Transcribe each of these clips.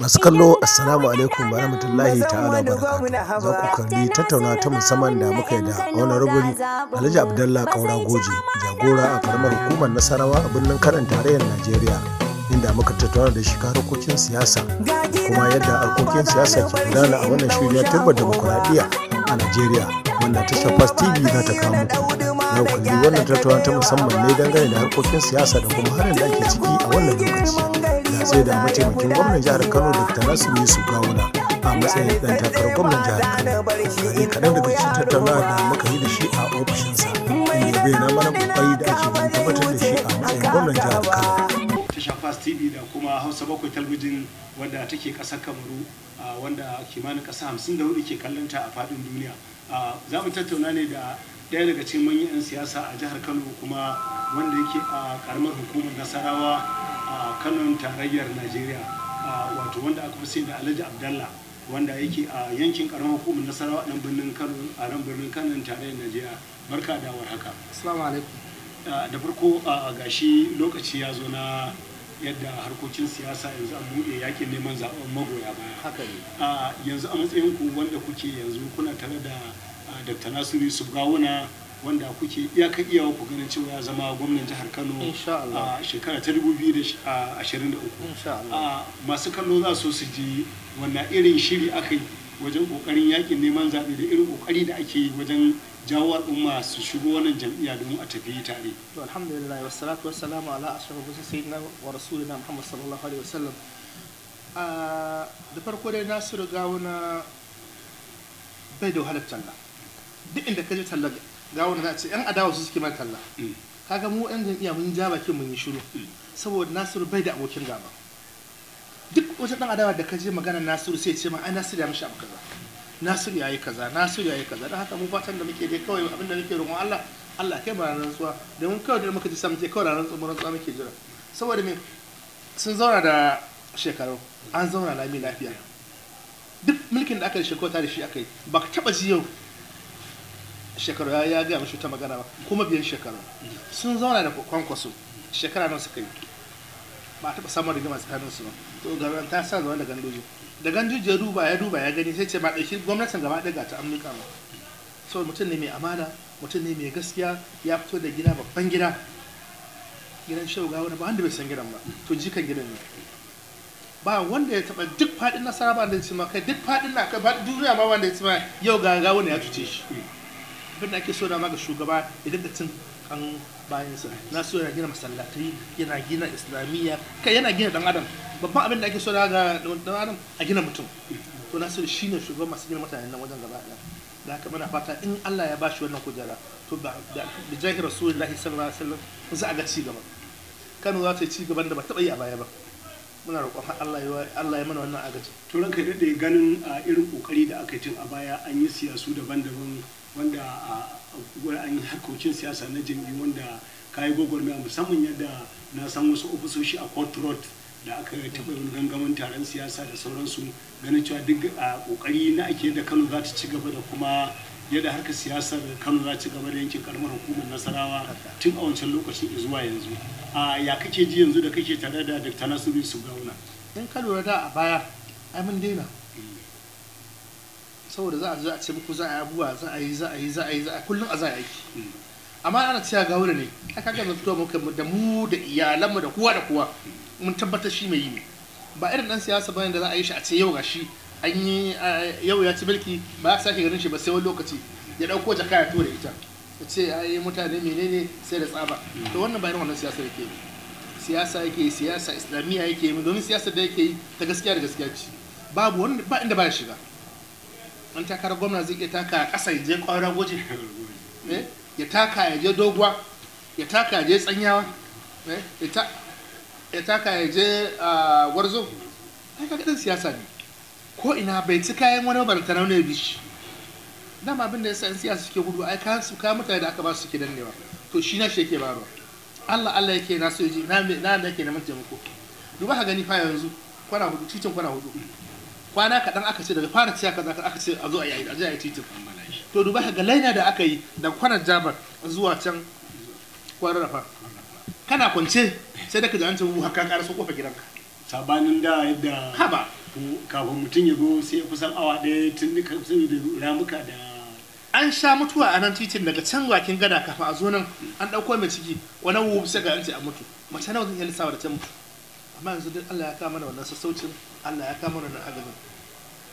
masu kallo assalamu alaikum rahmatullahi ta'ala wa za ku kalli tattauna ta musamman da muka yi da honorable alhaji abdallah kaura goje jagora a karamar hukumar nasarawa a birnin karan tarayyar najeriya inda muka tattauna da shi harkokin siyasa kuma yadda harkokin siyasa ke gudana a wannan shirya turbar demokuraɗiyya a najeriya wanda ta fast tv za ta kawo muku yau kalli wannan tattauna ta musamman ne dangane da harkokin siyasa da kuma harin da ake ciki a wannan lokaci sai da mataimakin gwamnan jihar kano dr nasiru yusuf gawuna a matsayin dan takarar gwamnan jihar kano kare kaɗan daga cikin tattauna da muka yi da shi a ofishinsa inda ya bayyana mana kokari da ake don tabbatar da shi a matsayin gwamnan jihar kano tasha fast tv da kuma hausa bakwai talbijin wanda take ƙasar kamaru wanda kimanin ƙasa hamsin da hudu ke kallonta a faɗin duniya za mu tattauna ne da daya daga cikin manyan siyasa a jihar kano kuma wanda yake a karamar hukumar nasarawa a kanon tarayyar najeriya wato wanda aka fi da alhaji abdallah wanda yake a yankin karamar hukumar nasarawa dan birnin kano a nan birnin kano tarayyar najeriya barka da warhaka assalamu alaikum da farko gashi lokaci ya zo na yadda harkokin siyasa yanzu an buɗe yakin neman zaɓen magoya baya haka ne yanzu a matsayin ku wanda kuke yanzu kuna tare da dr nasiru subgawuna wanda kuke ka iya ku ganin cewa ya zama gwamnan jihar Kano a shekara ta 2023 masu kallo za su su ji wannan irin shiri aka yi wajen kokarin yakin neman zaɓe da irin kokari da ake yi wajen jawo al'umma su shigo wannan jam'iyya domin a tafi tare. To alhamdulillah wa wassalamu ala ashrafil sayyidina wa rasulina Muhammad sallallahu alaihi wasallam. da farko dai Nasiru Gawuna bai da wahalar talla. Duk inda ka je talla ga wanda za a ce yan adawa su suke mai talla mm. kaga mu yan jam'iyya mun ja bakin mun yi shiru mm. saboda nasiru bai da abokin gaba duk wata dan adawa da ka je magana nasiru sai ce ma ai nasiru ya mishi abu kaza nasiru ya yi kaza nasiru ya yi kaza don haka mu fatan da muke dai kawai da muke roƙon Allah Allah kai ba tsuwa da mun kawai da muka ji sam je kawai tsuwa mun tsuwa muke jira saboda me sun zauna da shekaru an zauna lami lafiya duk mulkin da aka shekota da shi aka yi ba ka taɓa ji yau shekaru ya gaya mashi ta magana ba kuma biyan shekaru sun zauna da kwankwaso shekara nan suka yi ba a taɓa samun rigima tsakanin su ba to ga ta sa zama da gandoji da gandoji ya duba ya duba ya gani sai ce ba ɗauki gwamnatin gaba ɗaya ga ta amurka ma so mutum ne mai amana mutum ne mai gaskiya ya fito da gida babban gida gidan shauga wani ba wanda bai san gidan ba to jikan gidan ne ba wanda ya taɓa duk faɗin nasara ba da ya ce ma kai duk faɗin na kai faɗin duniya ba wanda ya ce ma yau ga gawo ne ya cuce shi abinda ake so dama ga shugaba idan da cin kan sa na so yana gina masallatai yana gina islamiyya kai yana gina dan adam babban abin da ake so daga dan adam a gina mutum to na so shine shugaban masu gina mutane nan wajen gaba ɗaya da haka muna fata in Allah ya bashi wannan kujera to da jahi rasulullahi sallallahu alaihi wasallam za a ga ci gaba Kano za ta yi ci gaban da ba taɓa yi a baya ba muna roƙon Allah ya Allah ya mana wannan agaji to ranka dade ganin a irin kokari da aka tun a baya an yi siyasu daban-daban wanda a an yi harkokin siyasa na jami'i wanda yi gwagwarmaya musamman yadda na san wasu ofisoshi a court road da aka taɓa wani gangamin taron siyasa da sauransu ganin cewa duk a kokari na ake da Kano za ta ci gaba da kuma yadda harkar siyasar kano za ci gaba da yankin karamar hukumar nasarawa tun a wancan lokacin zuwa yanzu a ya kake ji yanzu da kake tare da dr nasiru su gauna in ka lura da a baya ai mun daina saboda za a zo a ce muku za a yi abubuwa za a yi za a yi za a yi za a kullum a za a yi amma ana cewa gauna ne a kaga da fito muka da mu da iyalanmu da kowa da kowa mun tabbatar shi mai yi ne ba irin dan siyasa bane da za a yi shi a ce yau gashi an yi yau ya ci mulki ba a sake ganin shi ba sai wani lokaci ya dauko jaka ya tura ita ya ce ai mutane menene sai da tsaba to wannan bayan wannan siyasa yake siyasa yake siyasa islamiyya yake domin siyasar da yake yi ta gaskiya da gaskiya ce babu wani ba inda ba ya shiga an takarar gwamna zai iya taka a ƙasa ya je kwara goje eh? ya taka ya je doguwa ya taka ya je tsanyawa eh? ya taka ya je gwarzo ai kaga siyasa ne ko ina bai ci kayan wani barkanau ne bishi dama abin da ya san siya suke gudu ai kayan su kayan mutane da aka ba su suke dannewa to shi na shi yake barwa Allah Allah yake na so ji na na yake na mutum ko duba ka gani fa yanzu kwana hudu titin kwana hudu kwana kaɗan aka ce daga fara ciya kaza aka ce a zo a yi a je a yi titin to duba ka ga laina da aka yi da kwanan jabar zuwa can kwanar rafa kana kwance sai da ka ji an ce haka ƙarasa kofar gidanka sabanin da yadda haba kafin mutum ya go sai kusan awa ɗaya tun duka da ramuka da an sha mutuwa a nan titin daga can wakin gada kafin a zo nan an ɗauko mai ciki wani wubu sai ga yanci a mutu mace nawa zan iya lissawa da can mutu amma yanzu duk Allah ya kama da wannan sassaucin Allah ya kama da wannan agabin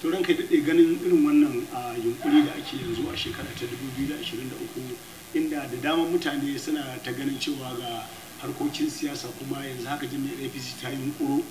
to ranka daɗe ganin irin wannan a yunkuri da ake yanzu a shekara ta 2023 inda da dama mutane suna ta ganin cewa ga harkokin siyasa kuma yanzu haka jami'ar apc ta yi kuro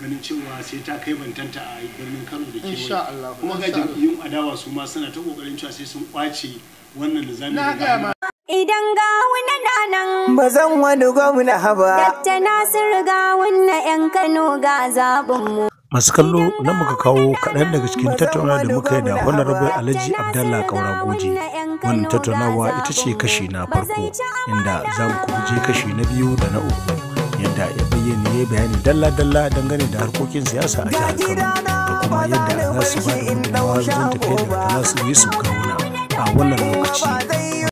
ganin cewa sai ta kai bantanta a birnin Kano da kewaye kuma ga jam'iyyun adawa su ma suna ta kokarin cewa sai sun kwace wannan da zamu ga idan ga wani danan ba zan wani gwamna haba dakta Nasir ga yan Kano ga zabun mu masu kallo nan muka kawo kaɗan daga cikin tattaunawa da muka yi da honorable alhaji abdallah kaura goji wannan tattaunawa ita ce kashi na farko inda za mu kuma kashi na biyu da na uku yadda ya bayyana ya bayani dalla-dalla dangane da harkokin siyasa a jihar Kano da kuma yadda za su ba da gudunmawa zan tafiya da za su yi su kawuna a wannan lokaci.